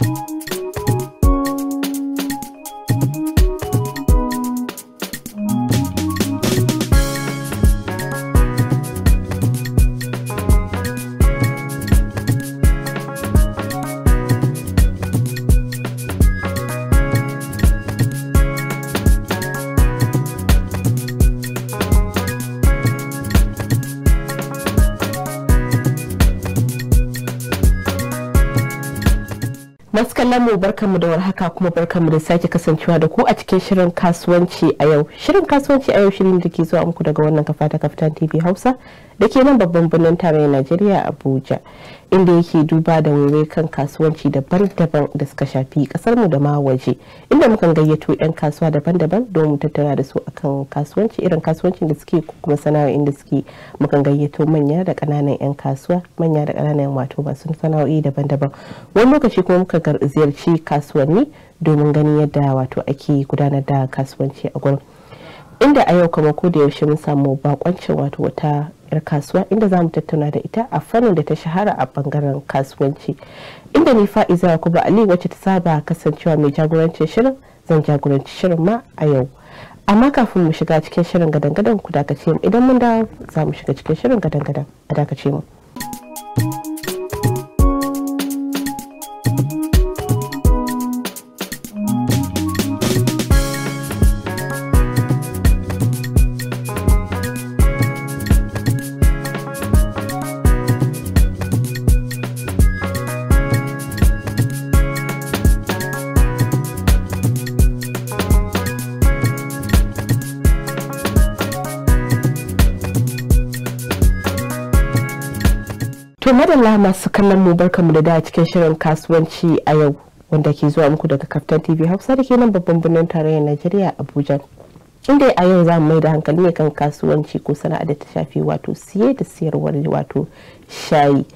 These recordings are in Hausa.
Thank you. Adam mu barkanmu da warhaka kuma barkanmu da sake kasancewa da ku a cikin shirin kasuwanci a yau. Shirin kasuwanci a yau shirin da ke zuwa muku daga wannan kafa ta kaftan TV Hausa da ke nan babban birnin tarayyar Najeriya Abuja inda yake duba da waiwai kan kasuwanci daban-daban da suka shafi kasar mu da ma waje inda muka gayyato 'yan kasuwa daban-daban don mu tattara da su akan kasuwanci irin kasuwancin da suke kuma sana'o'in da suke mukan gayyato manya da kananan 'yan kasuwa manya da kananan wato masu sana'o'i daban-daban wani lokaci kuma muka ziyarci ziyarci kasuwanni domin ganin yadda wato ake gudanar da kasuwanci a gurin inda a yau kamar da yaushe mun samu bakoncin wato wata yar kasuwa inda za mu tattauna da ita a fannin da ta shahara a bangaren kasuwanci inda ni fa'iza ba ali wacce ta saba kasancewa mai jagorancin shirin zan jagoranci shirin ma a yau amma kafin mu shiga cikin shirin gadan-gadan ku dakace mu idan mun dawo za mu shiga cikin shirin gadan-gadan a dakace mu kallon mu barkamu da da cikin shirin kasuwanci a yau wanda ke zuwa muku daga kaftan tv hausa da ke nan babban birnin tarayyar najeriya abuja inda a yau za mu mai da hankali ne kan kasuwanci ko sana'a da ta shafi wato siye da siyarwar wato shayi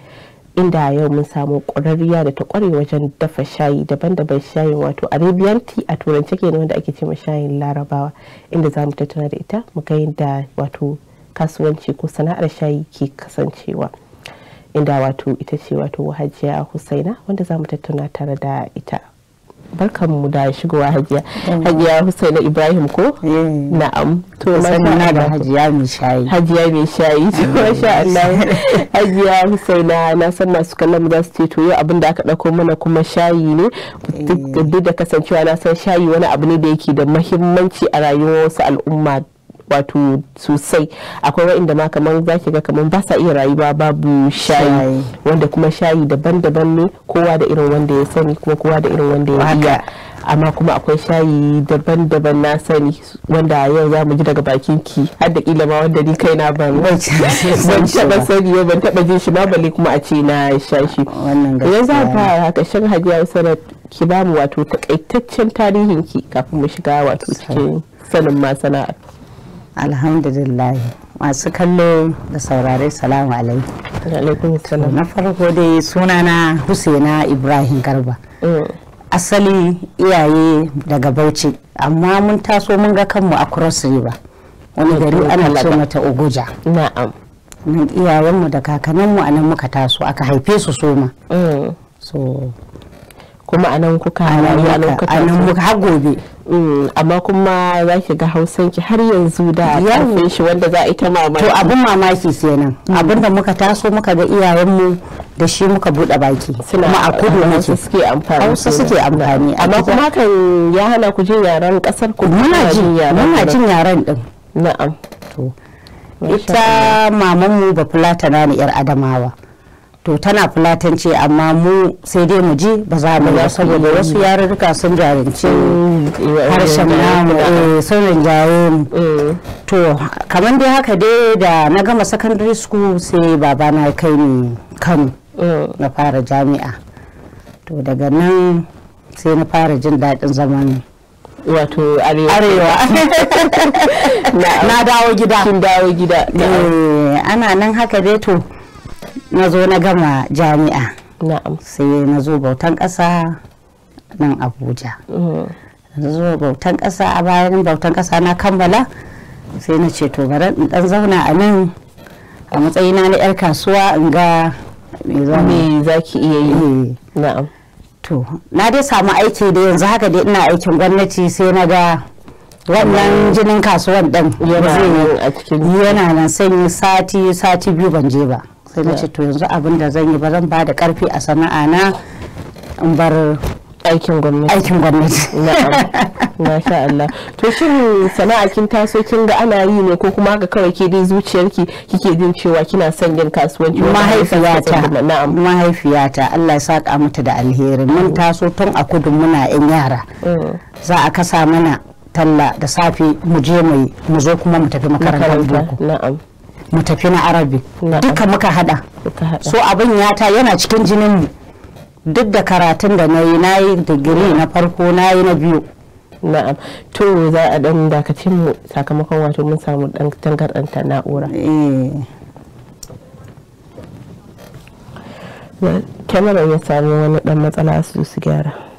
inda a yau mun samu ƙwararriya da ta ƙware wajen dafa shayi daban-daban shayin wato arabian tea a turance kenan wanda ake ce shayin larabawa inda za mu tattauna da ita mu ga yadda wato kasuwanci ko sana'ar shayi ke kasancewa inda wato ita ce wato hajiya husaina wanda za mu tattauna tare da ita mu da shigowa hajiya hajiya husaina ibrahim ko na'am to na da hajiya mai shayi hajiya mai shayi to masha Allah hajiya husaina na san masu kallon za su ce to yau abin da aka dauko mana kuma shayi ne eh. duk da kasancewa na san shayi wani abu ne da yake da muhimmanci a rayuwar wasu al'umma wato sosai akwai wa'inda ma kamar za ki ga kamar ba sa iya rayuwa babu shayi wanda kuma shayi daban-daban ne kowa da irin wanda ya sani kuma kowa da irin wanda ya iya amma kuma akwai shayi daban-daban na sani wanda yau za mu ji daga bakin ki har da kila ma wanda ni kaina ban ban taba sani ban taba jin shi ba balle kuma a ce na sha shi yanzu za fara haka shan hajiya sanar ki ba mu wato takaitaccen tarihin ki kafin mu shiga wato cikin sanin masana'ar alhamdulillah masu kallo da saurare salamu alaikum na farko dai sunana husaina ibrahim garba mm. asali iyaye daga bauchi amma mun taso mun ga kanmu a cross river wani gari mm, ana ce mata ogoja na'am nan iyayenmu da kakanninmu a nan muka taso aka haife su soma mm. so kuma a nan kuka a nan muka har gobe Mm, amma kuma za ki ga hausan ki har yanzu da karfin shi wanda za a ita mamaki to abin mamaki kenan mm. abin da muka taso muka ga iyayenmu da shi muka bude baki kuma a kudu muke suke amfani hausa suke amfani amma kuma kan ya hana ku jin yaran kasar ku muna jin yaran muna jin yaran din na'am to ita mamanmu ba fulatana ne yar adamawa to tana fulatanci amma mu sai dai mu ji ba za mu ba saboda wasu yarurruka sun jarince mm, eh, harshen eh, namu eh, sun rinjaye mu to kamar dai haka dai da na gama secondary school sai babana ya kai ni kano na fara jami'a to daga nan sai na fara jin daɗin zaman wato arewa na dawo gida dawo gida ana nan haka dai to na zo na gama jami'a sai na zo bautan ƙasa nan abuja mm-hmm. na zo bautan ƙasa a bayan bautan ƙasa na kammala sai na ce to bari in dan zauna a nan a matsayina na 'yar kasuwa in ga me za ki iya yi eh. na'am to na dai samu aiki da yanzu haka dai ina aikin gwamnati sai na ga wannan mm. jinin kasuwan ɗin yana nan sai sati sati biyu ban je ba sai na ce to yanzu abin da zan yi ba zan ba da karfi a sana'a na in bar aikin gwamnati aikin gwamnati sha Allah to shin sana'a kin taso kin ga ana yi ne ko kuma ga kawai ke dai zuciyarki kike jin cewa kina son yin kasuwanci mahaifiyata na'am mahaifiyata Allah ya saka mata da alheri mun mm. taso tun a kudu muna yan yara mm. za a kasa mana talla da safe mu je mu mu zo kuma mu tafi makarantar na'am mu tafi na arabi duka muka hada so abin ya ta yana cikin jinin mu duk da karatun da na yi na yi digiri na farko na yi na biyu na'am to za a dan dakacin mu sakamakon wato mun samu dan tangarɗanta na'ura eh. kamar ya samu wani dan matsala su su gyara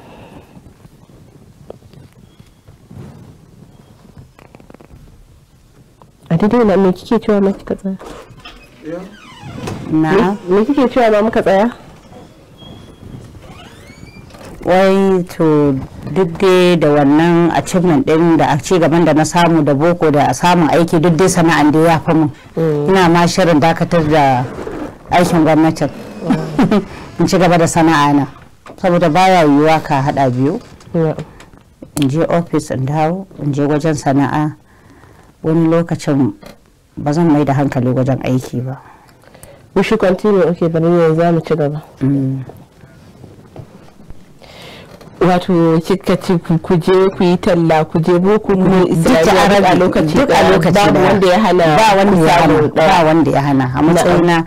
a daidai na me kike cewa ma kika tsaya na me kike cewa ma muka tsaya wai to duk dai da wannan achievement din da a ci gaban da na samu da boko da samun aiki duk dai sana'an da ya fi mu mm. ina ma shirin dakatar da aikin gwamnatin in ci gaba da sana'a na saboda baya yiwuwa ka hada biyu in je ofis in dawo in je wajen sana'a wani lokacin ba zan mai da hankali wajen aiki ba mushi continue ok bari ne za mu ci gaba mm. wato kika ku je ku yi talla ku je boko mu mm. isra'ila a lokaci duk ba wanda ya hana ba wanda ya hana ba wanda ya hana a matsayina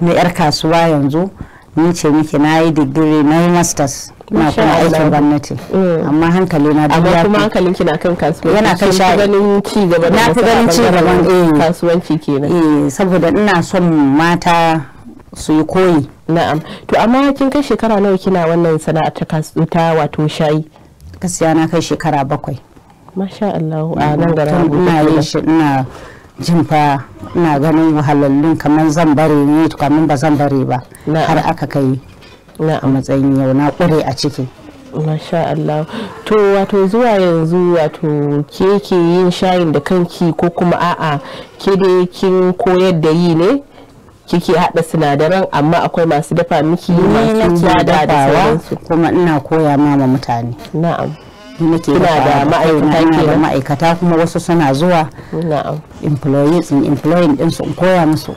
na yar kasuwa yanzu ni ce miki na yi digiri na masters na kuma aikin gwamnati mm. amma hankali na da amma kuma hankalin kina kan kasuwanci yana kan shi ganin ci gaba da na fi ganin ci gaban eh. kasuwanci kenan eh saboda ina son mata su yi koyi na'am to amma kin kai shekara nawa kina wannan sana'a ta kasuwa wato shayi gaskiya na kai shekara bakwai masha Allah a mm, nan garin ina yin shi ina jin fa ina ganin wahalallun kamar zan bare ne kamar ba zan bare ba har aka kai ina a matsayin yau na kware a ciki masha Allah to wato zuwa yanzu wato ke ke yin shayin da kanki ko kuma a'a ke da kin koyar da yi ne kike hada sinadaran amma akwai masu dafa miki masu bada da sauransu kuma ina koya ma mutane na'am kina da ma'aikata da ma'aikata kuma wasu suna zuwa na'am employees in employing din su koya musu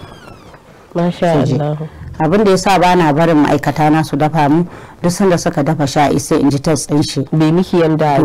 masha Allah abin da ya sa ba na barin ma'aikata na su dafa mu duk sanda suka dafa sha'i sai in ji ta din shi bai miki yanda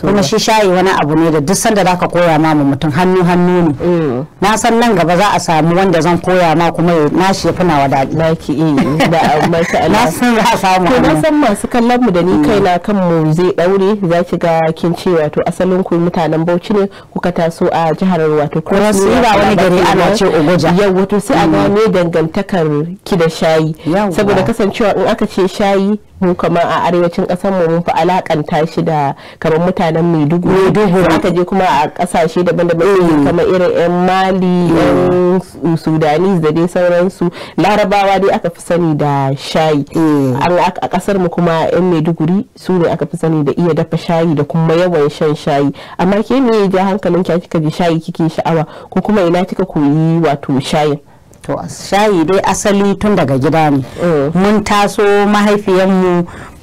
kuma shi sha'i wani abu ne da duk sanda zaka koya ma mu mutum hannu hannu ne mm. na san nan gaba za a samu wanda zan koya ma kuma na shi fina wa daɗi naki eh da na san za a samu to na san masu kallon mu da ni mm. kaina kan mu zai daure zaki ga kin ce wato asalin ku mutanen Bauchi ne kuka taso a jihar wato Cross ba wani gari ana ce Ogoja yau wato sai a mm. ga ne dangantakar ki da shayi saboda kasancewa in aka ce shayi mu kamar a arewacin kasar mu mun fi alakanta shi da kamar mutanen Maiduguri aka je kuma a kasashe daban-daban mm. kamar irin yan Mali yan mm. Sudanese da dai sauransu Larabawa dai aka fi sani da shayi mm. a kasar mu kuma yan Maiduguri su ne aka fi sani da iya dafa shayi da kuma yawan shan shayi amma ke me ya ja hankalin ki kika ji shayi kike sha'awa ko kuma ina kika koyi wato shayin to shayi dai asali tun daga gida ne mm. mun taso mahaifiyanmu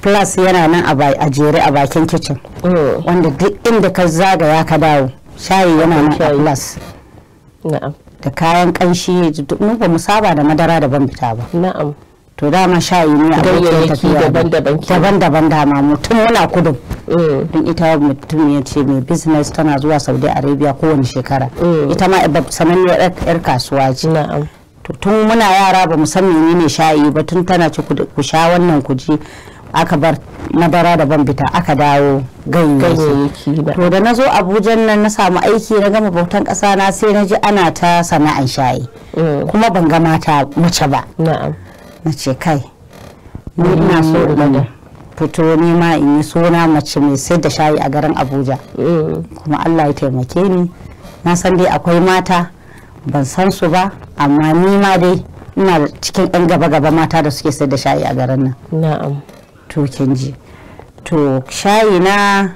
plus yana nan a jere a bakin kicin mm. wanda duk inda ka zagaya ka dawo shayi yana nan a plus da kayan kanshi mun ba mu saba da madara da ban fita ba na'am to dama shayi ne abokin tafiya daban-daban dama mutum muna kudu mm. don ita mutum ya ce mai business tana zuwa saudi arabia kowane shekara ita ma sananniyar yar kasuwa ce tun muna yara ba mu san menene shayi ba tun tana ci ku sha wannan ku ji aka bar na bara da ban fita aka dawo ganyayyaki to da na zo abuja nan na samu aiki na gama bautan ƙasa na sai na ji ana ta sana'an shayi mm. kuma ban ga mata mace ba na ce kai ni mm, ina so mm, in fito ni ma in yi suna mace mai sai da shayi a garin abuja kuma allah ya taimake ni na san dai akwai mata ban san su ba amma ni ma dai ina cikin 'yan gaba-gaba mata da suke sai da shayi a garin nan na'am to kin ji to shayi na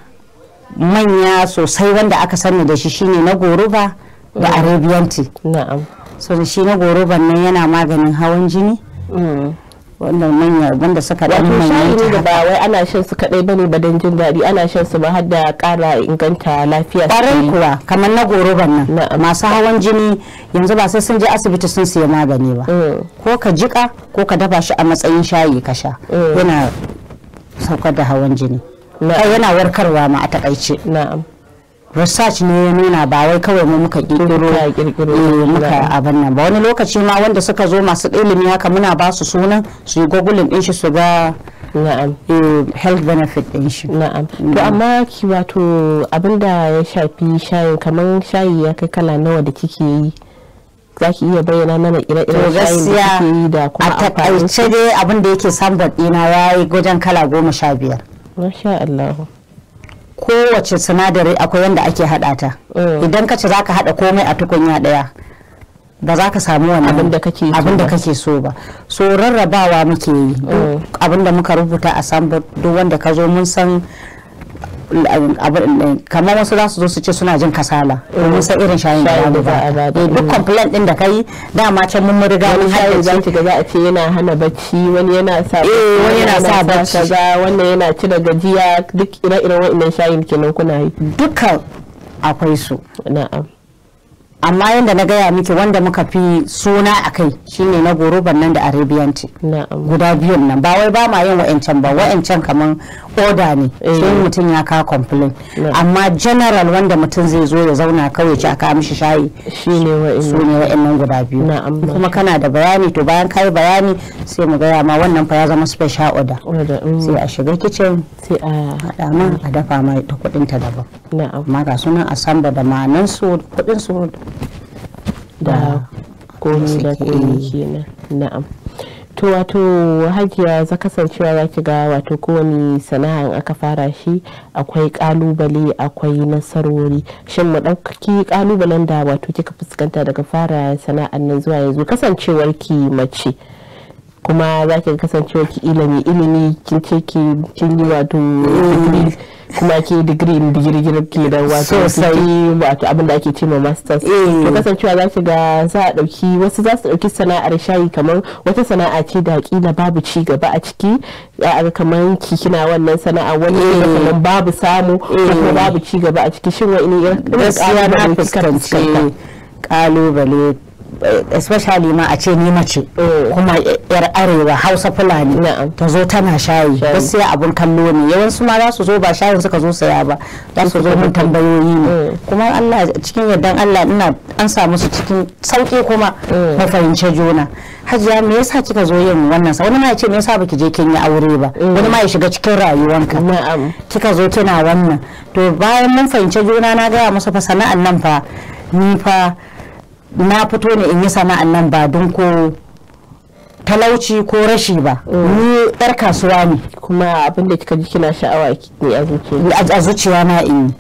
manya sosai wanda aka sani da shi shine na goruba da arabian tea na'am so shi na goruban nan yana maganin hawan jini mm. wannan manya wanda suka da manya shayi ne da ba wai ana shan su kadai bane ba dan jin daɗi ana shan su ba har da ƙara inganta lafiya kwarai kuwa kamar na goroban nan masu hawan jini yanzu ba sai sun je asibiti sun siya magani ba mm. ko ka jika ko ka dafa shi a matsayin shayi ka sha mm. yana saukar da hawan jini yana warkarwa ma a takaice na'am research ne ya nuna ba wai kawai mu muka kirkiro eh, muka abin nan ba wani lokaci ma wanda suka zo masu ilimi haka muna ba su sunan su yi din shi su ga na'am eh, health benefit din shi na'am mm. to amma ki wato abinda ya shafi shayin kamar shayi ya kai kala nawa da kike yi za ki iya bayyana mana ire-iren shayin da kike yi da kuma a taƙaice dai abin da yake sambar dina ya yi gudan kala goma sha biyar masha Allah kowace sinadari akwai yadda ake haɗa ta mm. idan ka ci za ka haɗa komai a tukunya ɗaya ba za ka samu wani abin da kake so ba so rarrabawa muke yi mm. abin da muka rubuta a sambar duk wanda ka zo mun san kamar wasu za su zo su ce suna jin kasala domin eh, sai irin shayin da ba eh, duk complaint din da kai dama can mun riga mun haɗa za ki ga za a ce yana hana bacci wani yana sa eh wani yana sa bacci kaza wannan yana da gajiya duk ire-iren wa'annan shayin kenan kuna yi dukkan akwai su na'am amma yadda na gaya miki wanda muka fi suna a kai shine na goro bannan da arabian guda biyun nan ba wai ba ma yin wa'ancan ba wa'ancan kaman oda ne eh. sai mutum ya ka complain amma general wanda mutum zai zo ya zauna kawai ci aka mishi shayi su ne wa'annan guda biyu kuma kana da bayani to bayan kai bayani sai mu gaya ma wannan fa ya zama special order mm. sai a shiga kicin sai a hada man a dafa ma ta kudin ta daban amma ga sunan asamba da ma'anan su kudin su da komi da komi kenan na'am to wato hajiya za kasancewa za ki ga wato kowane sana'a in aka fara shi akwai kalubale akwai nasarori shin mu ɗaukaki kalubalen da wato kika fuskanta daga fara sana'ar nan zuwa yanzu kasancewar ki mace kuma za ki kasancewar ki ilimi ilimi kin ce ki kin yi wato kuma ke digiri digirgir ke da wato sai wato abin da ake cewa masters eh. to kasancewa za ki ga za a dauki wasu za su dauki sana'ar shayi kamar wata sana'a ce da kila babu ci gaba a ciki za kamar ki kina wannan sana'a wani ne kamar babu samu eh. kuma babu ci gaba a ciki shin wa'ini irin gaskiya na fuskanci kalubale especially ma a ce ni mace mm. kuma yar arewa hausa fulani ta zo tana shayi sai abun kallo ne yawansu ma za su zo ba shayin suka zo saya ba za su zo mun tambayoyi ne mm. kuma Allah cikin yardan Allah ina an samu su cikin sauki kuma mm. na fahimci juna hajiya me yasa kika zo yin wannan sa wani ma ya ce me yasa baki je kin yi aure ba wani ma ya shiga cikin rayuwanka kika zo kina wannan to bayan mun fahimci juna na gaya masa fa sana'an nan fa ni fa na fito ne in yi sana'an nan ba don ko talauci ko rashi ba mm. ni yar kasuwa ne kuma abin da kika ji kina sha'awa ne a zuciya a zuciya na in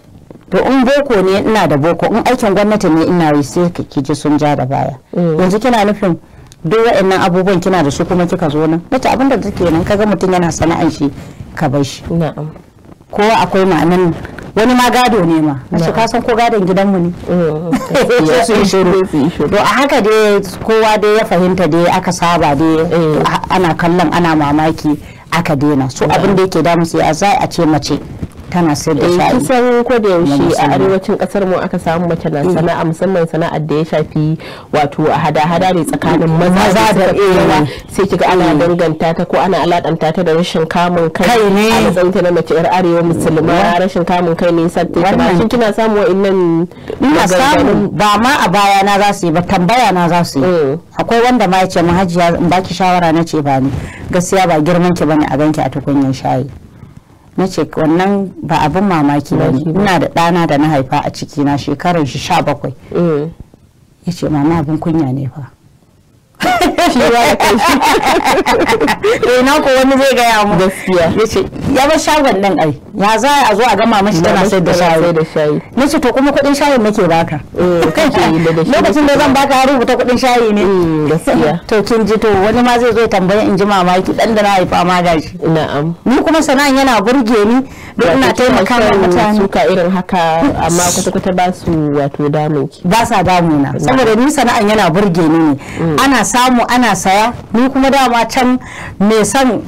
to in boko ne ina da boko in aikin gwamnati ne ina yi sai ki ji sun ja da baya mm. yanzu kina nufin duk waɗannan abubuwan kina da su kuma kika zo nan nace abin da kike nan kaga mutum yana sana'an shi ka bar shi na'am kowa akwai ma'anan wani ma gado ne ma su kasan ko gadon gidanmu ne oh, to a haka dai kowa dai ya fahimta dai aka saba dai eh. ana kallon ana mamaki aka daina so abin da yake damu sai a za a ce mace tana sai da shayi eh, kusan ko da yaushe a arewacin kasar mu aka samu mace na sana'a mm. musamman sana'ar da ya shafi wato hada-hada ne tsakanin mm. maza da yawa sai kiga ana mm. danganta ta ko ana alaƙanta ta da rashin kamun kai ne a matsayin ta na mace yar arewa musulma rashin kamun kai ne sai ta shi kina samu wa'annan ina samu ba ma a baya na za su yi ba tambaya na za su yi akwai wanda ma ya ce mahajiya baki shawara na ce ba ni gaskiya ba girman ki bane a ganki a tukunyar shayi na ce wannan ba abin mamaki ba ne ina da ɗana da na haifa a cikina shekaran shi sha bakwai mm. ya ce mama abin kunya ne fa Ina shi eh, ko wani zai gaya mu gaskiya yace ya bar shagon nan ai ya za a zo a gama mashi tana sai da shayi nace to kuma kudin shayin nake baka eh ke yi da shi lokacin da zan baka haru ta kudin shayi ne mm, gaskiya to kin ji to wani ma zai zo tambaya in ji mamaki dan da na haifa ma shi. na'am ni kuma sana'an yana burge ni don ina taimaka wa mutane suka irin haka amma kwata kwata ba su wato damun ba sa damuna saboda ni sana'an yana burge ni ne mm. ana samu ana saya ni kuma dama can mai son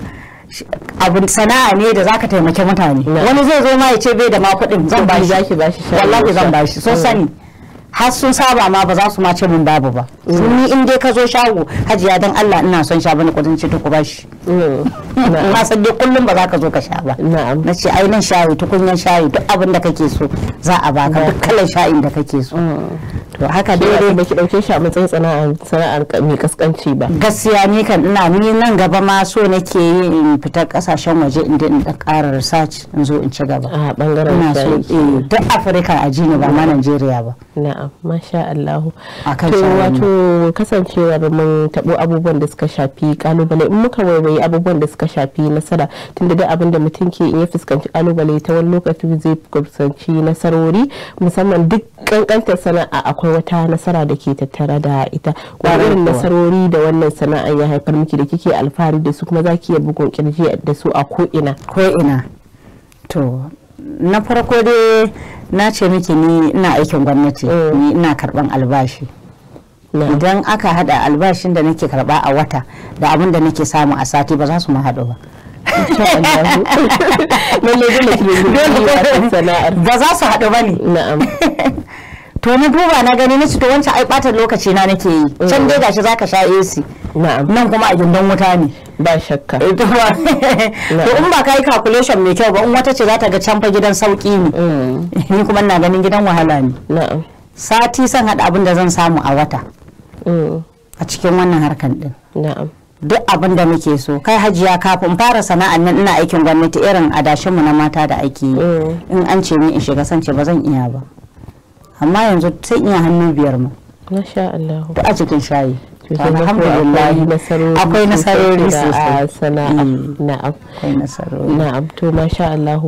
abin sana'a ne da zaka taimake mutane wani zai zo ma ya ce bai da ma kuɗin zan bashi zaki bashi wallahi zan bashi so hmm. sani har sun saba ma ba za su ma ce mun babu ba hmm. ni in dai ka zo shago hajiya dan Allah ina son sha bani kudin ce ku bashi hmm. na san dai kullum ba za ka zo ka sha ba na ce ai nan shayi tukunyan shayi duk abin da kake so za a baka duk kalan shayin da kake so to haka dai dai ki dauke shi a matsayin sana'ar sana'ar mai kaskanci ba gaskiya ni kan ina ni nan gaba ma so nake yi in fita kasashen waje inda in da ƙara research in zo in ci gaba a ah, bangaren ina so eh duk Afirka a jini ba ma Najeriya ba na'am masha Allah to wato kasancewa ba mun tabo abubuwan da suka shafi kalubale in muka waiwayi abubuwan da suka shafi nasara tunda da abin da mutum ke iya fuskanci kalubale ta wani lokaci zai fuskanci nasarori musamman duk kankantar sana'a akwai akwai wata nasara da ke tattara da ita irin nasarori da wannan sana'a ya haifar miki da kike alfahari da su kuma za ki yabi bugun kirji da su a ko'ina ko'ina to na farko dai na ce miki ni ina aikin gwamnati eh. ni ina karban albashi idan aka hada albashin da nake karba a wata da abin da nake samu a sati ba za su ma hadu ba ba za su haɗu ba ne to ni duba na gani na to wancan ai bata lokaci na nake yi mm. can dai gashi zaka sha AC nan kuma a gindin wuta ne ba shakka eh, to in ba kai calculation mai kyau ba in wata ce za ta ga can fa gidan sauki ne mm. ni kuma ina ganin gidan wahala ne sati san hada abin da zan samu a wata mm. a cikin wannan harkan din duk abin da muke so kai hajiya kafin fara sana'an nan ina aikin gwamnati irin adashinmu na mata da ake yi in an ce min in shiga sance ba zan iya ba amma yanzu sai iya hannu biyar ma. Masha Allah. a cikin shayi. alhamdulillah akwai nasarori da ah, sana'a mm. na'am na'am to masha Allah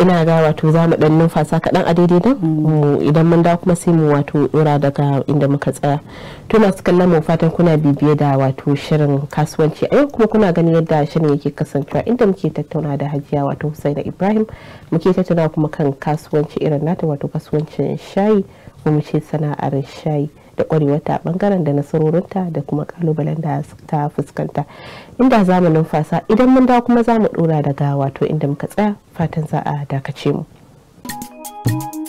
ina ga wato za mu dan numfasa kaɗan a daidai nan mm. idan mun da kuma sai mu wato dora daga inda muka tsaya to masu kallon mu fatan kuna bibiye da wato shirin kasuwanci a yau kuma kuna ganin yadda shirin yake kasancewa inda muke tattauna da Hajiya wato Husaina Ibrahim muke tattauna kuma kan kasuwanci irin nata wato kasuwancin shayi kuma ce sana'ar shayi da kwarewarta a bangaren da nasarorinta da kuma kalubalen da ta fuskanta inda za mu numfasa idan mun dawo kuma za mu dora daga wato inda muka tsaya fatan za a dakace mu. thank you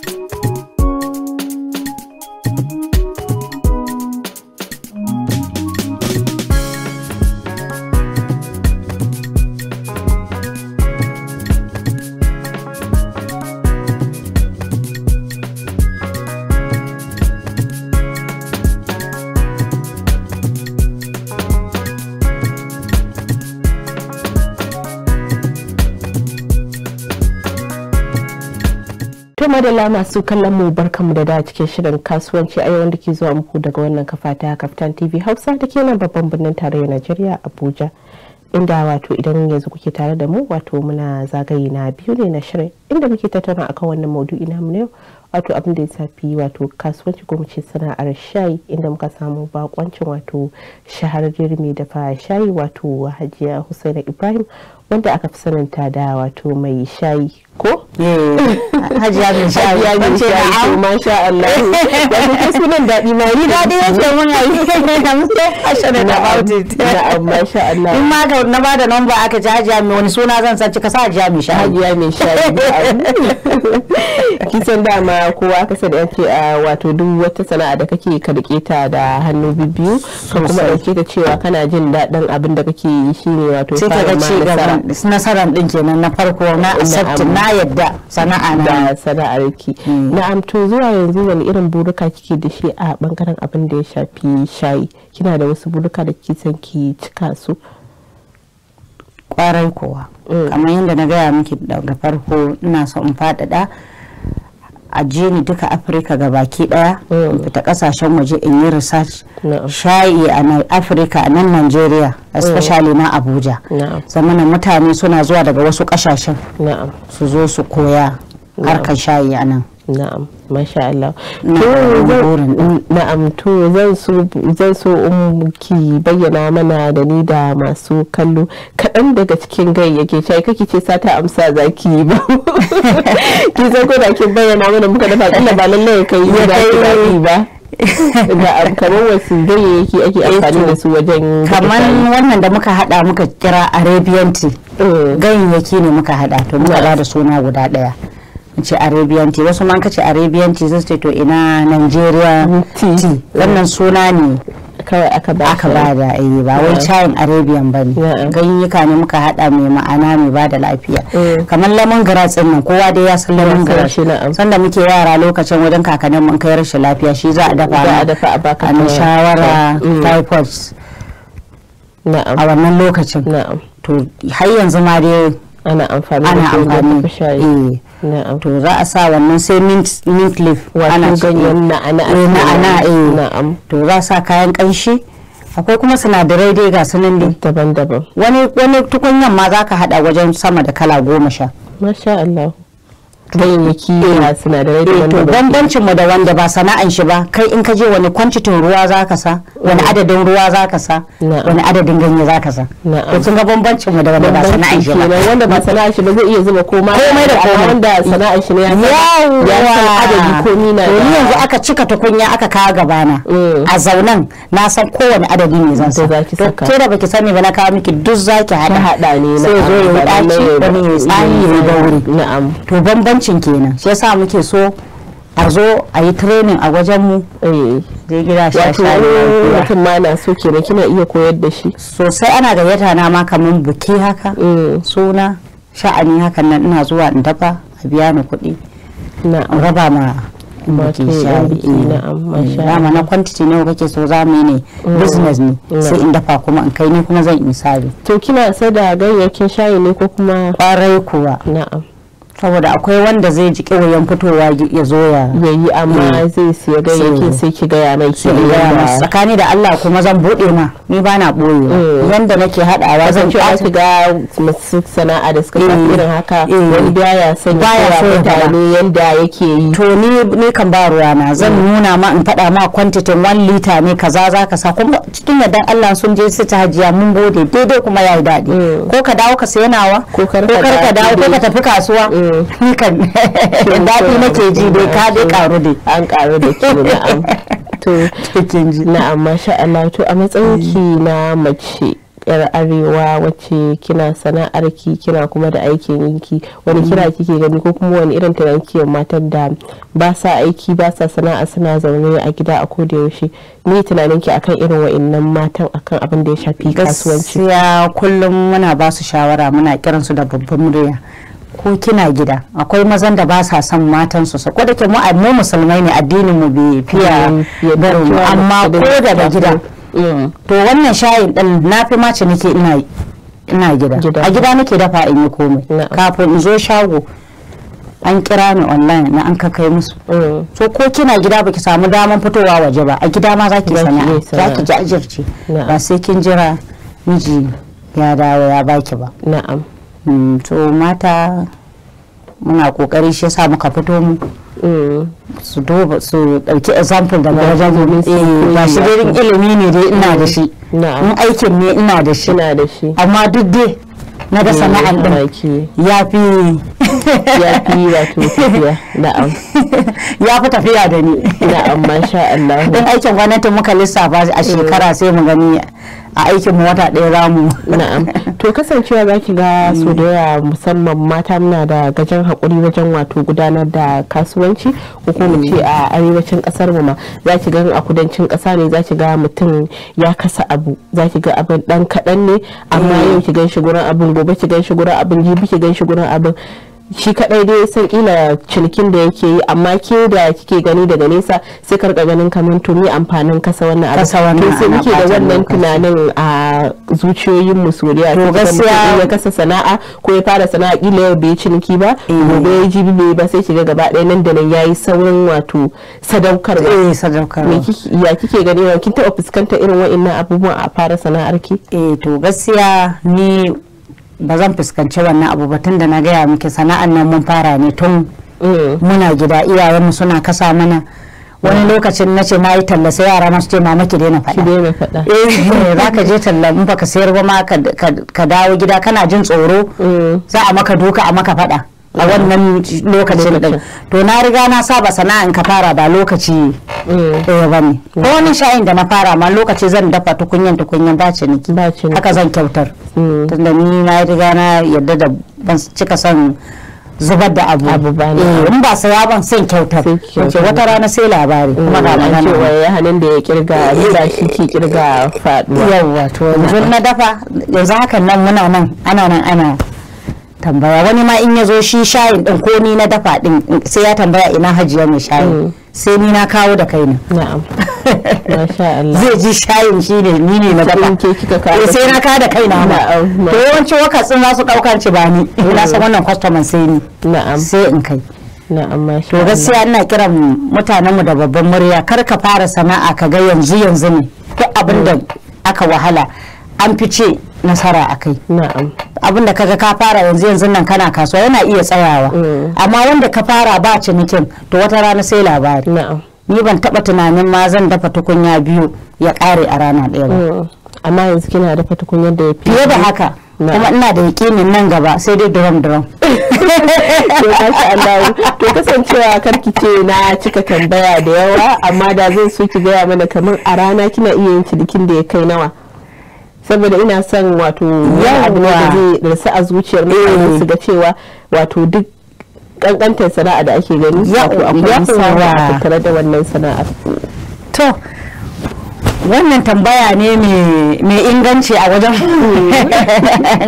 to madalla masu kallon mu barkamu da da cikin shirin kasuwanci a yau da ke zuwa muku daga wannan kafa ta kaftan tv hausa da ke nan babban birnin tarayyar najeriya abuja inda wato idan yanzu kuke tare da mu wato muna zagaye na biyu ne na shirin inda muke tattauna akan wannan maudu'i namu na yau wato abin da ya safi wato kasuwanci ko ce sana'ar shayi inda muka samu bakoncin wato shahararriyar mai dafa shayi wato hajiya husaina ibrahim wanda aka fi sananta da wato mai shayi ko? Eh. hajiya mai shayi hajiya mai shayi to masha Allah wato kai sunan daɗi ma ni daɗi ya ce mun yayi I'm so passionate about it na'am masha Allah in ma ga na bada number aka ji hajiya mai wani suna zan san cika sa hajiya mai shayi hajiya mai shayi kisan dama kowa aka sani ake a wato duk wata sana'a da kake ka rike ta da hannu bibiyu ka kuma ɗauke ta cewa kana jin daɗin abin da kake yi shine wato ka ci ma nasarar din kenan na farko na accept na yadda sana'a na da sana'ar ki mm. na'am to zuwa yanzu wani irin buruka kike da shi a bangaren abin da ya shafi shayi kina da wasu buruka da kike son ki cika su kwarai kowa mm. kamar yadda na gaya miki da farko ina so in faɗaɗa a jini duka afirka ga baki daya mm. fita kasashen waje in yi research shayi a nan afirka a nan nigeria mm. especially na abuja zamanin mutane suna zuwa daga wasu kasashen su zo su koya harkar shayi a nan na'am masha Allah na'am to zan so in ki bayyana mana da ni da masu kallo kaɗan daga cikin yake ta kake ce sata amsa za ki yi ba ki san ko da ki bayyana mana muka dafa kalla ba lallai kai yi da ki ba da kamar wasu yake ake eh, amfani da su wajen kamar wannan da muka hada muka kira arabian tea eh. ganyayyaki ne muka hada to muka ba da suna guda daya ce arabian tea wasu man kace arabian tea ce to ina nigeria tea wannan suna ne kawai aka ba aka ba da eh ba wai chayin arabian ba ne ganyuka ne muka hada mai ma'ana mai ba da lafiya eh. kamar lemon grass din nan kowa dai ya san lemon grass sanda muke yara lokacin wajen kakannin mun kai rashin lafiya shi za a dafa a baka shawara mm. typhoid a wannan lokacin to har yanzu ma dai ana amfani eh. ana amfani to za a sa wannan sai mint leaf ana ganyen na'ana eh, na'ana eh. to za a sa kayan kanshi akwai kuma sinadarai dai ga sunan ne daban-daban wani wani tukunyan ma za ka hada wajen sama da kala goma sha masha Allah ganyayyaki eh, da sinadarai eh, da wanda bambancin mu da wanda ba sana'an shi ba kai in ka je wani kwantitin ruwa ka sa wani mm. adadin ruwa ka sa wani adadin ganye ka sa to kun ga bambancin mu da wanda ba sana'an shi ba wanda ba sana'an shi ba zai iya zuba komai komai da komai wanda sana'an shi ne ya san adadi komai na to yanzu aka cika tukunya aka kawo gaba na eh. a zaunan na san kowane adadi ne zan sa to ke da baki sani ba na kawo miki duk zaki hada hada ne na sai zo ya dace wani ya tsani ya gauri na'am to bambancin hukuncin kenan shi yasa muke so a zo a yi training a wajen mu eh, je gida shashari mutum ma na so kenan kina iya koyar da shi sosai ana gayyata na ma kamar buki haka mm. suna sha'ani hakan nan ina zuwa in dafa a biya ni kuɗi na raba ma buki eh, eh, dama na kwantiti ne kake so za mu ne mm. business ne sai in dafa kuma in kai ne kuma zan yi misali to kina sai da gayyakin shayi ne ko kuma kwarai kuwa na'am saboda akwai wanda zai ji kiwayen fitowa ya zo ya yi amma zai mm. siya yake sai ki gaya mai ki gaya tsakani da Allah kuma zan bude ma ni ba na boye wanda mm. nake hadawa zan ki aka ga masu sana'a da suka fara mm. irin haka wani baya son ya fara mutane yanda yake yi to ni ne kan ba ruwa na zan nuna ma in fada ma quantity 1 liter ne kaza zaka sa kuma cikin yadda Allah sun je su ta hajiya mun bude. daidai kuma yayi dadi ko ka dawo ka sayi nawa ko ka dawo ko ka tafi kasuwa ni daɗi nake ji an karu da ke na'am to masha Allah a matsayin ki mm. na mace yar arewa wacce kina sana'ar ki kina kuma da aikin yinki wani mm. kira kike gani ko kuma wani irin tunan kiyan matar da ba sa aiki ba sa sana'a suna zaune a gida a koda yaushe me tunanin ki akan irin wa'annan matan akan abin da ya shafi kasuwanci gaskiya kullum muna ba su shawara muna kiransu da babban murya ko kina gida akwai mazan da ba sa son matan su ko da ke mu mu musulmai ne addinin mu bai fiya amma ko daga gida mm. to wannan shayin din na fi mace nake ina ina gida a gida nake dafa in yi komai kafin in zo shago an kira ni online na an kai musu mm. so ko kina gida baki samu daman fitowa waje ba a gida ma zaki sana zaki ajirce ba sai kin jira miji ya dawo ya baki ba na'am to mm, mata muna kokari shi yasa muka fito mu mm. su duba su dauki example daga wajen domin eh, ba shi garin ilimi ne dai ina da shi in aikin ne ina da shi amma duk dai na ga mm, sana'an din ya fi ya fi wato tafiya na'am ya fi tafiya da ni na'am masha Allah in aikin gwamnati muka lissafa a shekara sai mu gani a aikin mu wata ɗaya zamu na'am to kasancewa zaki ga so da yawa musamman mata muna da gajen hakuri wajen wato gudanar da kasuwanci ko kuma mu ce a arewacin kasar mu ma zaki ga a kudancin kasa ne zaki ga mutum ya kasa abu zaki ga abin dan kadan ne amma mm. yau ki gan shi gurin abin gobe ki gan shi gurin abin jibi ki gan shi gurin abin shi kadai dai san kila cinikin da yake yi amma ke da kike gani daga nesa sai karka ganin kamar to me amfanin kasa wannan abu kasa wannan sai muke da wannan tunanin a zuciyoyin mu soriya to gaskiya ya kasa sana'a ko ya fara sana'a kila yau bai ciniki ba eh. gobe ya ji bai ba sai kiga gaba ɗaya nan da nan yayi saurin wato sadaukarwa eh sadaukarwa ya kike gani kin taɓa fuskantar irin wa'annan abubuwan a fara sana'ar ki eh to gaskiya ni ba zan fuskanci wannan abu ba tun da na gaya miki sana'an nan mun fara ne tun mm. muna gida iyayenmu suna kasa mana wani mm. lokacin na ce na yi talla sai yara masu ce mama ki daina faɗa eh, za ka je talla in baka sayar ba ma ka dawo gida kana jin tsoro mm. za a maka duka a maka faɗa a wannan lokacin din to na riga na saba sana'in ka fara ba lokaci ɗaya ba ne ko wani sha'in da na fara ma lokaci zan dafa tukunyan tukunyan ba ce niki haka zan kyautar mm. tunda ni na riga na yadda da ban cika son zubar da abu abu ba eh, in ba saya ban son kyautar wace wata rana sai labari kuma ga mm. magana cewa ya halin da ya kirga ya shi ke kirga faduwa yawa to yanzu na dafa yanzu hakan nan muna nan ana nan ana tambaya wani ma in ya zo shi shayin din ko ni na dafa din sai ya tambaya ina hajiya mai shayin mm. sai ni na kawo da kaina zai ji shayin shi ne ni ne na dafa eh, sai na kawo da kaina ma to yawanci wakatsin za su daukar ci ba ni na mm. san wannan customer sai ni sai in kai to gaskiya ina kiran mutanenmu da babban murya kar ka fara sana'a ka ga yanzu yanzu ne ko abin da mm. aka wahala an fice nasara a kai abin da kaga ka fara yanzu yanzu nan kana kasuwa yana iya tsayawa mm. amma wanda ka fara ba cinikin to wata rana sai labari ni ban taba tunanin ma zan dafa tukunya biyu ya kare a rana ɗaya ba mm. amma yanzu kina dafa tukunyar da ya fiye da haka kuma ina da yakinin nan gaba sai dai drum drum to to kasancewa karki ce na cika tambaya da yawa amma da zan so ki gaya mana kamar a rana kina iya yin cinikin da ya kai nawa saboda ina son wato abu da zai a zuciyar mutane eh. su ga cewa wato duk kankantar sana'a da ake gani wato akwai a tattare da wannan sana'ar to wannan tambaya ne mai inganci a wajen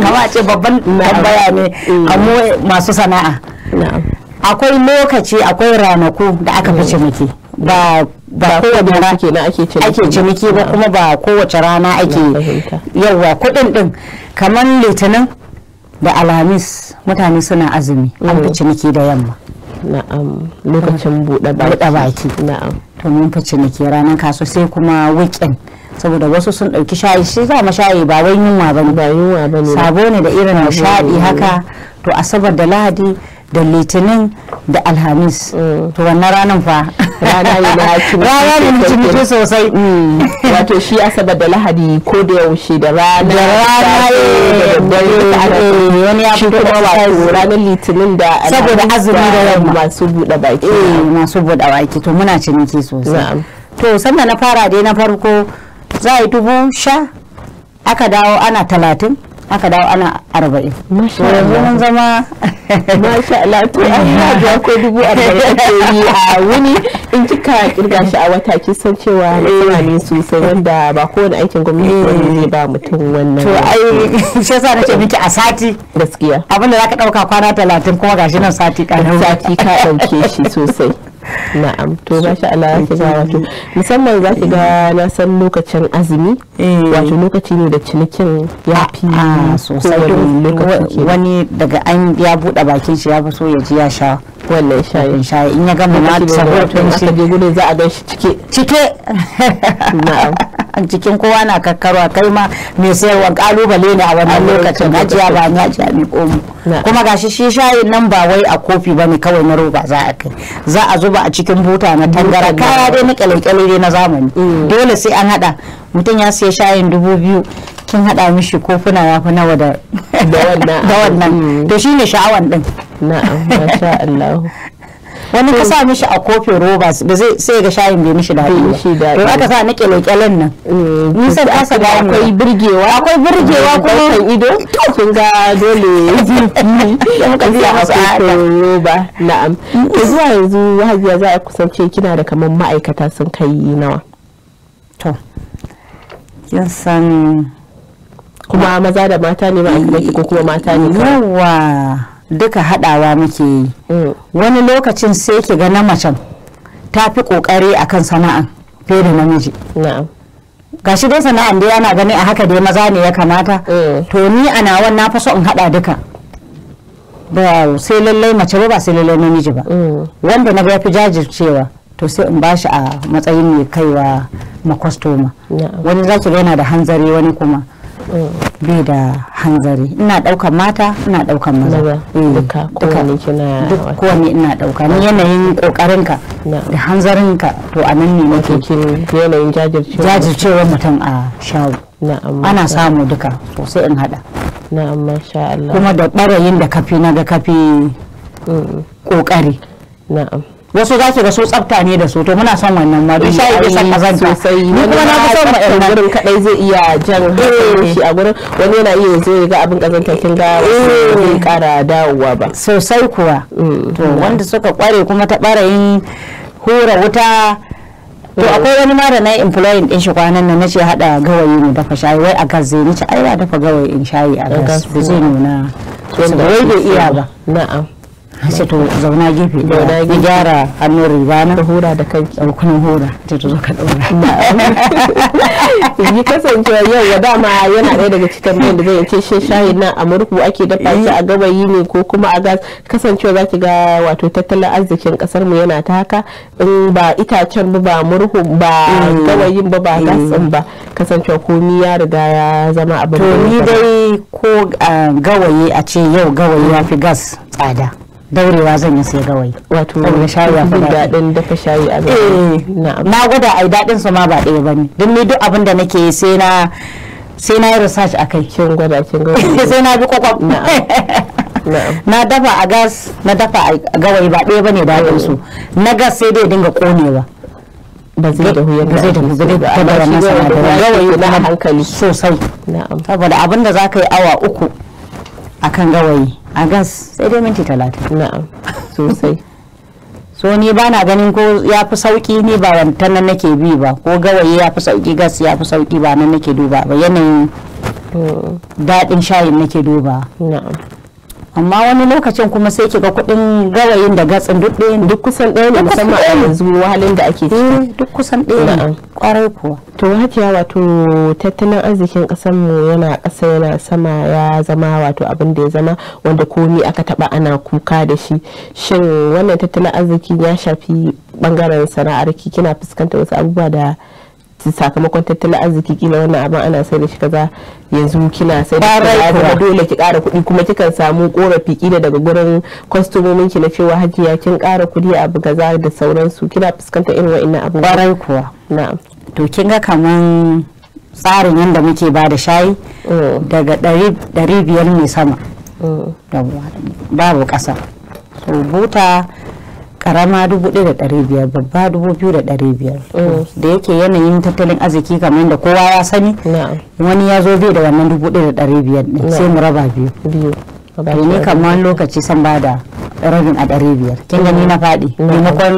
kama ce babban tambaya ne mm. a masu sana'a akwai lokaci akwai ranaku da aka fi ciniki ba ba kowace rana na ake ciniki ake ciniki ba kuma ba kowace rana ake yawa kudin din kamar litinin da alhamis mutane suna azumi an fi mm. ciniki da yamma na'am lokacin mm. buɗe baki na'am to mun fi ciniki ranar kaso sai kuma wikin saboda wasu sun ɗauki shayi shi za mu shayi ba wai yunwa ba ne sabo ne da irin nishaɗi haka to asabar da lahadi da litinin da alhamis mm. to wannan ranar fa rana ne na ciniki sosai mm. wato shi asabar da lahadi ko da yaushe da rana da rana ne mm. wani ya fito da wato ranar litinin da alhamis saboda azumi da yamma masu buɗe baki eh, masu buɗe baki to muna ciniki sosai to sanda na fara dai na farko za a yi dubu sha aka dawo ana talatin aka dawo ana arba'in Masha' yanzu mun zama masha Allah to an yi da ko dubu arba'in ake yi a wuni in kika kirga shi a wata ki san cewa Na eh. ne sosai wanda ba kowane aikin gwamnati ne eh. ba mutum wannan to ai shi yasa nace miki a sati gaskiya abinda zaka dauka kwana talatin kuma gashi nan sati ka sati ka dauke shi sosai na'am to shi Allah ya ga wato musamman za ki ga eh. na san lokacin azumi eh. wato lokaci ne da cinikin ya fi ah, ah, sosai wani daga an ya buɗe bakin shi ya fi so ya ji ya sha wannan shayin shayin in ya gama na sahur din shi za a gan shi cike cike na'am cikin kowa na kakkarwa kai ma mai sayarwa kalubale ne a wannan lokacin ajiya ba ni ajiya mai komo kuma gashi shi shayin nan ba wai a kofi ba ne kawai na roba za a kai za a zuba a cikin buta na tangara kaya dai na kyalekyale dai na zamani mm. dole sai an hada mutum ya siya shayin dubu biyu kin hada mishi kofuna ya fi nawa da wannan mm. to shine sha'awan din na'am masha Allah wani ka sa mishi a kofin roba ba zai sai ga shayin bai mishi dadi ba don aka sa na kyalekyalen nan eh, ni sai aka ga akwai birgewa akwai birgewa kuma kan ido kin ga dole da Ya sa masu roba na'am to zuwa yanzu hajiya za a kusance kina da kaman ma'aikata sun kai nawa to kin san kuma maza da mata ne ma'aikata ko kuma mata ne yawa duka haɗawa muke yi eh. wani lokacin sai ki ga na macen ta fi ƙoƙari akan sana'an fiye da namiji Ga shi dai sana'an da yana gani a haka dai maza ne ya kamata eh. to ni a nawan na fi so in haɗa duka ba sai lallai mace ba sai lallai namiji ba mm. wanda na ga fi jajircewa to sai in bashi a matsayin mai kaiwa makwastoma wani zaki ga yana da hanzari wani kuma bai da hanzari ina ɗaukar mata ina ɗaukar maza eh, duka kowane ina ɗauka ni yanayin ƙoƙarinka da hanzarinka to a nan ne nake yanayin jajircewar mutum a shawo ana samu duka sosai in haɗa kuma da ɓarayin da kafi na ga kafi ƙoƙari na'am wasu za su ga su tsafta ne da su to muna son wannan ma duk sai ya san kazanta sai ni kuma na ga son ma'aikata gurin kadai zai iya jan eh. shi a gurin wani yana iya zai ga abin kazanta kin ga eh. zai kara dawowa ba sosai kuwa mm. to wanda suka kware kuma ta barayin hura wuta to mm. akwai wani ma da na employing din shi kwanan nan nace hada gawayi mu dafa shayi wai a gas zai nace ai ba dafa gawayi in shayi a gas zai nuna wai bai iya ba na'am sato to zauna gefe da ya gyara hannun riba na hura da kai ɗaukunan hura ta zo ka daura yi kasancewa yau ya dama yana ɗaya daga cikin da zai ce shi shayin nan a murku ake dafa shi a gabayi ne ko kuma a gas kasancewa za ki ga wato tattalin arzikin kasar mu yana ta haka in ba itacen ba ba murhu ba mm. gabayin ba ba mm. gas din ba kasancewa komi ya riga ya zama abin to ni dai ko ah, gawaye a ce yau gawayi ya fi gas tsada daurewa zan yi sai gawayi wato saboda shayi ya fi daɗin dafa shayi a gaba eh, na gwada ai daɗin su ma ba ɗaya bane don ni duk abin da nake sai na yi research kai kin gwada kin gwada sai na bi kwakwab na dafa a gas na dafa a gawayi ba ɗaya ne daɗin su eh. na gas sai dai dinga konewa ba zai da huyar da zai da huyar da ta bara gawayi na hankali sosai saboda abin da za ka yi awa uku a kan gawayi a gas sai dai minti talatin na'am sosai so ni ba na ganin ko ya fi sauki ni ba wantan nan nake bi ba ko gawayi ya fi sauki gas ya fi sauki ba nan nake duba ba yanayin mm. daɗin shayin nake duba na'am amma wani lokacin kuma sai ki ga kuɗin gawayin da gatsin duk ɗaya duk kusan ɗaya ne musamman a yanzu wahalin da ake ciki eh, duk kusan ɗaya ne kwarai kuwa to hajiya wato tattalin arzikin ƙasar mu yana ƙasa yana sama ya zama wato abin da ya zama wanda komi aka taba ana kuka da shi shin wannan tattalin arzikin ya shafi bangaren sana'ar ki kina fuskantar wasu abubuwa da sakamakon tattalin arziki kila wannan abin ana sai da shi kaza yanzu kina sai da kuma dole ki kara kuɗi kuma kikan samu korafi kila daga gurin kwastomomin ki na cewa hajiya kin kara kuɗi a gaza da sauransu kina fuskantar irin wa'annan abu kwarai kuwa na'am to kin ga kaman tsarin yadda muke ba da shayi mm. daga ɗari biyar ne sama mm. babu ƙasa so buta karama dubu da biyar babba dubu biyu da biyar. Mm. Da yake yanayin tattalin arziki kamar da kowa ya sani wani ya zo bai da wannan dubu da biyar ɗin sai mu raba biyu to ne kamar lokaci san ba da rabin a biyar. kin gani mm. na faɗi maimakon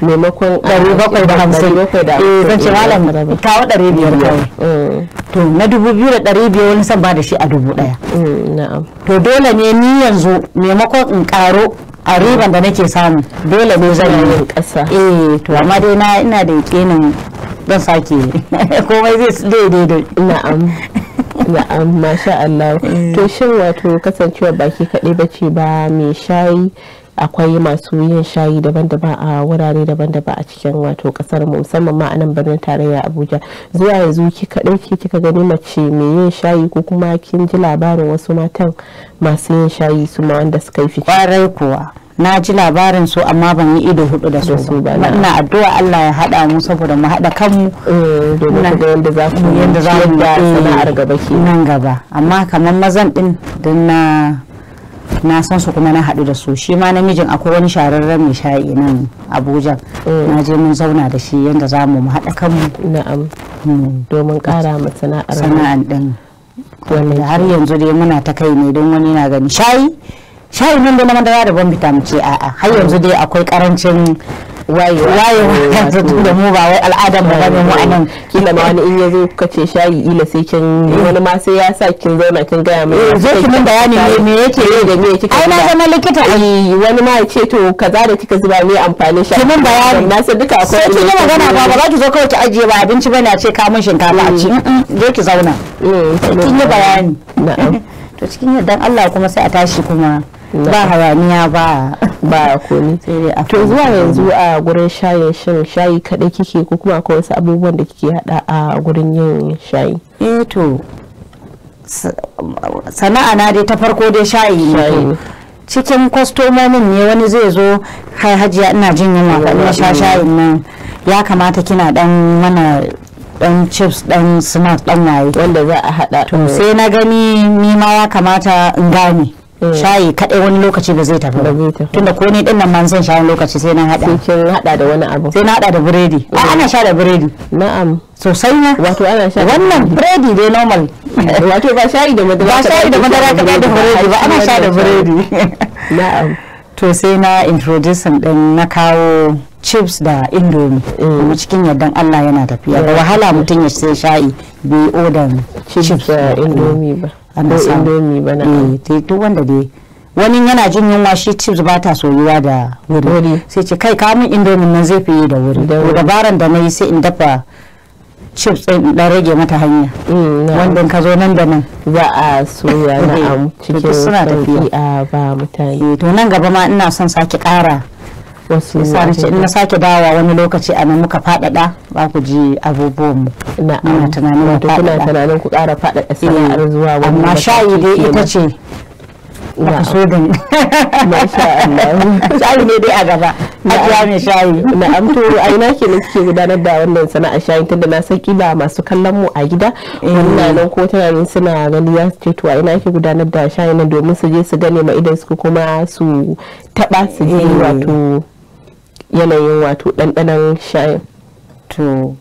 maimakon ɗari bakwai da hamsin eh zan ce malam kawo ɗari biyar kawai mm. to na dubu biyu da ɗari biyar wani san ba da shi a dubu ɗaya to dole ne ni yanzu maimakon in ƙaro a riban da nake samu dole ne zan yi ƙasa eh to amma dai na ina da yakinin zan sake komai zai daidai na'am na'am masha Allah eh. to shin wato kasancewa baki kaɗai bace ba mai shayi akwai masu yin shayi daban-daban a wurare daban-daban a cikin wato kasar mu musamman ma a nan birnin tarayya abuja zuwa yanzu ki kaɗai ki kika gani mace mai yin shayi ko kuma kin ji labarin wasu matan masu yin shayi su ma wanda suka yi fice kwarai kuwa na ji labarin su amma ban yi ido hudu da su ba ina addu'a Allah ya hada mu saboda mu hada kanmu eh, domin ga yanda za ku yanda za mu sana'ar gaba nan gaba amma kamar mazan din din na na san su kuma na haɗu da su shi ma namijin akwai wani shararren mai shayi nan abuja mm. na je mun zauna da shi yadda za mu haɗa kanmu na'am mm. domin ƙara ma sana'ar sana'an ɗin har yanzu dai muna ta kai ne don wani na gani shayi shayi nan da na madara da bambita mu ce a'a har yanzu dai akwai karancin waye waye ta da mu ba wai al'adar mu bane mu anan kila ma wani in ya zo kace shayi ila sai kin wani ma sai ya sa kin zauna kin gaya mai zo ki min bayani me yake yi da me kika ai na zama likita wani ma ya ce to kaza da kika zuba me amfanin shayi ki min bayani na san duka akwai sai kin magana ba ba za ki zo kawai ki ajiye ba abinci bane a ce ka min shinkafa a ci zo ki zauna kin yi bayani to cikin yardan Allah kuma sai a tashi kuma ba hayaniya ba ba komi to zuwa yanzu a gurin shayin shin shayi kadai kike ko kuma akwai wasu abubuwan da kike hada a gurin yin shayi eh to sana'a na dai ta farko dai shayi ne cikin kwastomomin ne wani zai zo kai hajiya ina jin yunwa na sha shayin nan ya kamata kina dan mana dan chips dan snack dan waye wanda za a hada to sai na gani ni ma ya kamata in gane Eh. shayi kadai wani lokaci ba zai tafi ba tunda ko ni dinnan man zan shayin lokaci sai na hada sai hada da wani abu sai na hada da biredi a ana sha da biredi na'am sosai ma wato ana sha wannan biredi dai normal wato ba shayi da madara ba shayi da madara ka da biredi ba ana sha da biredi na'am to sai na introducing din na kawo chips da indomi mm. kuma cikin yardan Allah yana tafiya ba wahala mutum ya sai shayi bai odan chips da mm. indomie ba an dau indomi bana eh duk wanda dai wani yana jin yunwa shi chips ba ta soyuwa da wuri sai ce kai kamun indomin nan zai fiye da wuri baran da na yi sai in dafa chips din ɗan rage mata hanya mm, wanda ka zo nan da nan za a soya na'am eh, cikin suna tafiya ba mutane eh, to nan gaba ma ina son sake ƙara wasu in na sake dawa wani lokaci a nan muka faɗaɗa ba ku ji abubuwan mu na um, tunanin wato kuna tunanin ku ƙara faɗaɗa eh, sana'ar zuwa wani amma shayi dai ita ce na so don shayi ne dai a gaba ajiya mai shayi na amto a ina ke ne kike gudanar da wannan sana'ar shayi tunda na san kila masu kallon mu a gida eh. wannan nan ko tunanin suna gani ya ce to a ina ke gudanar da shayi nan domin su je su gane ma idan su kuma su taba su ji. Eh. wato yanayin wato ɗanɗanon shayin to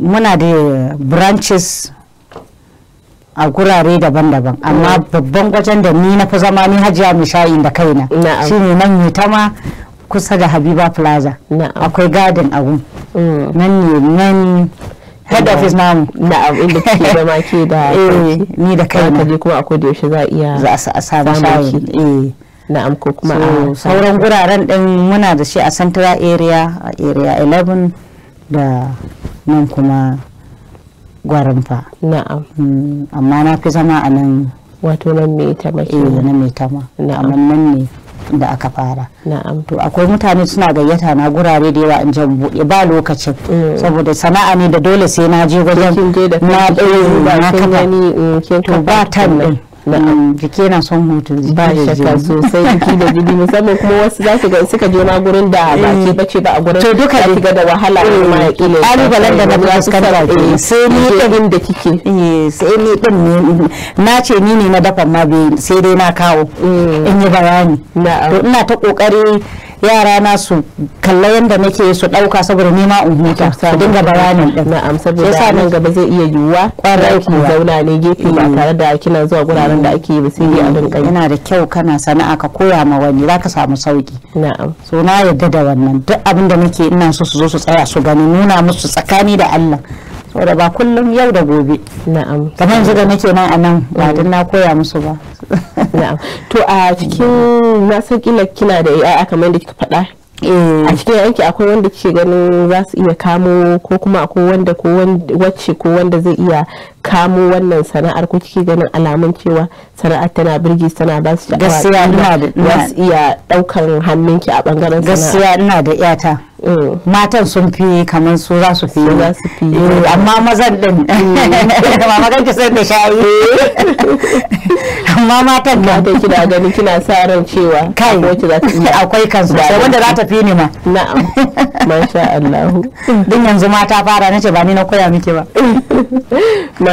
muna da branches a gurare daban-daban amma mm. babban wajen da ni na fi zama ni hajiya mai shayin da kaina shine nan mai tama kusa da habiba plaza akwai garden agun mm. nan ne nan head office na na'am inda kike zama ke da eh, ni da kaina kuma akwai da yaushe za a iya za a samu shayi eh. na'am ko kuma a sauran guraren din muna da shi a central area a area 11 da nan kuma gwaramfa na'am hmm, amma na fi zama a nan wato nan mai tama ke eh nan mai tama amma nan ne da aka fara na'am to akwai mutane suna gayyata na gurare da yawa in jan buɗe ba lokacin mm. saboda sana'a ne da dole sai na je wajen na ɗaya na kafa mm, to ba tan din Mm. jiki na son hutu ba shakka sosai jiki da gudu musamman kuma wasu za su ga suka je ma gurin da ba mm. ke bace ba a gurin to duka da ga da wahala kuma mm. ya kile kalubalen da na fuskanta ke sai ni din da kike eh, sai ni din ne na ce ni ne na dafa ma bai sai dai na kawo in yi bayani to ina ta kokari yara na su kalla yadda nake su dauka saboda nema in huta su dinga bayanin din na'am saboda nan gaba zai iya yiwuwa kwarai ku zauna ne gefe ba mm. tare da kina zuwa guraren da ake ba sai a mm. dinka yana da kyau kana sana'a ka koya ma wani zaka samu sauki na'am so na yarda da wannan duk abin da nake ina so su zo su tsaya su gani nuna musu tsakani da Allah wadda ba kullum yau da gobe na'am kamar yanzu da nake nan a nan ba dan na koya musu ba na'am to a cikin na san kila kina da aka mai da kika faɗa eh. a cikin yanki akwai wanda ke ganin za su iya kamo ko kuma akwai wanda ko wacce ko wanda zai iya kamo wannan sana'ar ko kike ganin alamun cewa sana'ar tana birgi tana ba su gaskiya ina da za su iya daukar hannunki a bangaren sana'a gaskiya ina da iyata mm. matan sun fi kamar su za su fi eh, amma mazan din mm. amma magan ki san da shayi amma matan da ta kina gani kina sa ran cewa kai wacce za ta akwai kansu da wanda za ta fi ni ma na'am masha Allah din yanzu mata fara nace ba ni na koya miki ba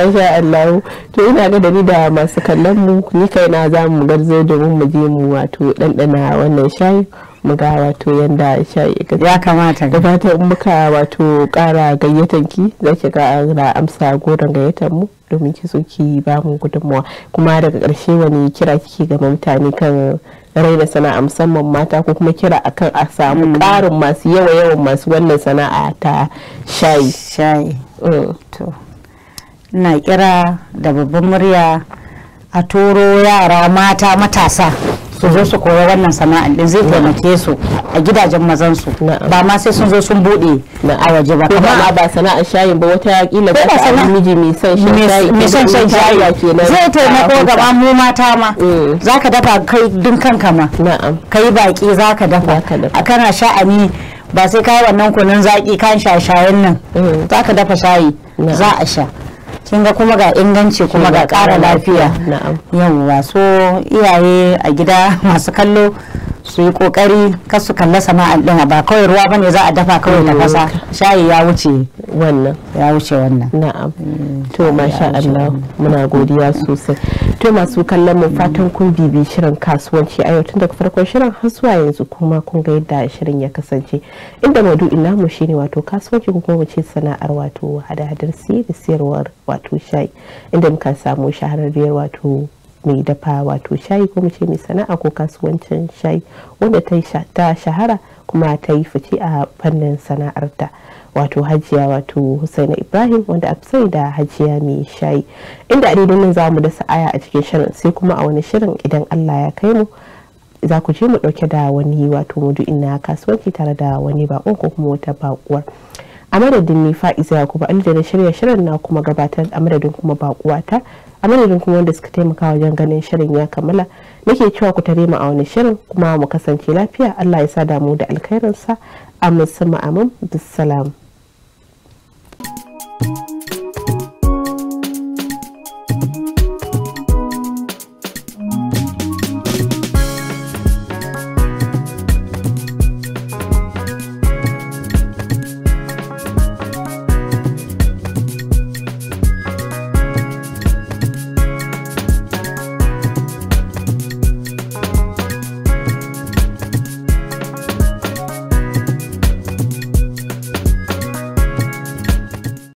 masha Allah to ina ga da ni da masu kallon mu ni na za mu garzo domin mu je mu wato ɗanɗana wannan shayi mu ga wato yanda shayi ya kamata da fata in muka wato ƙara gayyatan ki za ki ga ana amsa goran gayyatan mu domin ki so ki ba mu gudunmawa kuma daga ƙarshe wani kira kike ga mutane kan raina sana'a musamman mata ko kuma kira akan a samu mm. ƙarin masu yawa yawan masu wannan sana'a ta shayi shayi mm. to na kira da babban murya a toro yara mata matasa su zo su koya wannan sana'a din zai taimake su a gidajen mazan su ba ma sai sun zo sun bude a waje ba kuma ba sana'ar shayin ba wata yakila ba ta miji mai son shayi mai son shan shayi kenan zai taimako gaba mu mata ma mm. zaka dafa kai din kanka ma na'am kai baki zaka dafa kana sha'ani ba sai kai wannan kunun zaki kan shashayen nan mm. zaka dafa shayi za a sha kin ga kuma ga inganci kuma ga ƙara lafiya yawwa so iyaye a gida masu kallo su yi kokari kar su kalla sana'ar ɗin ba kawai ruwa bane za a dafa kawai da kasa mm. shayi ya wuce wannan ya wuce wannan na'am mm. to masha Allah muna godiya sosai to masu kallon mu fatan mm. kun bibi shirin kasuwanci a yau tun daga farkon shirin har zuwa yanzu kuma kun ga yadda shirin ya kasance inda ina mu shine wato kasuwanci ko kuma ce sana'ar wato hada-hadar siyarwar wato shayi inda muka samu shahararriyar wato mai dafa wato shayi ko mu ce mai sana'a ko kasuwancin shayi wanda ta shahara kuma ta yi fice a fannin sana'arta wato hajiya wato husaina ibrahim wanda a sai da hajiya mai shayi inda a daidai nan za mu da sa'aya a cikin shirin sai kuma a wani shirin idan allah ya kai mu za ku je mu dauke da wani wato mudu na kasuwanci tare da wani bakon ko kuma wata bakuwar a madadin ne fa'iza ya kuma inda na shirya shirin na kuma gabatar a madadin kuma bakuwata a madadin kuma wanda suka taimaka wajen ganin shirin ya kammala nake cewa ku tare mu a wani shirin kuma mu kasance lafiya allah ya sa damu da alkhairinsa a musamman amin bisalam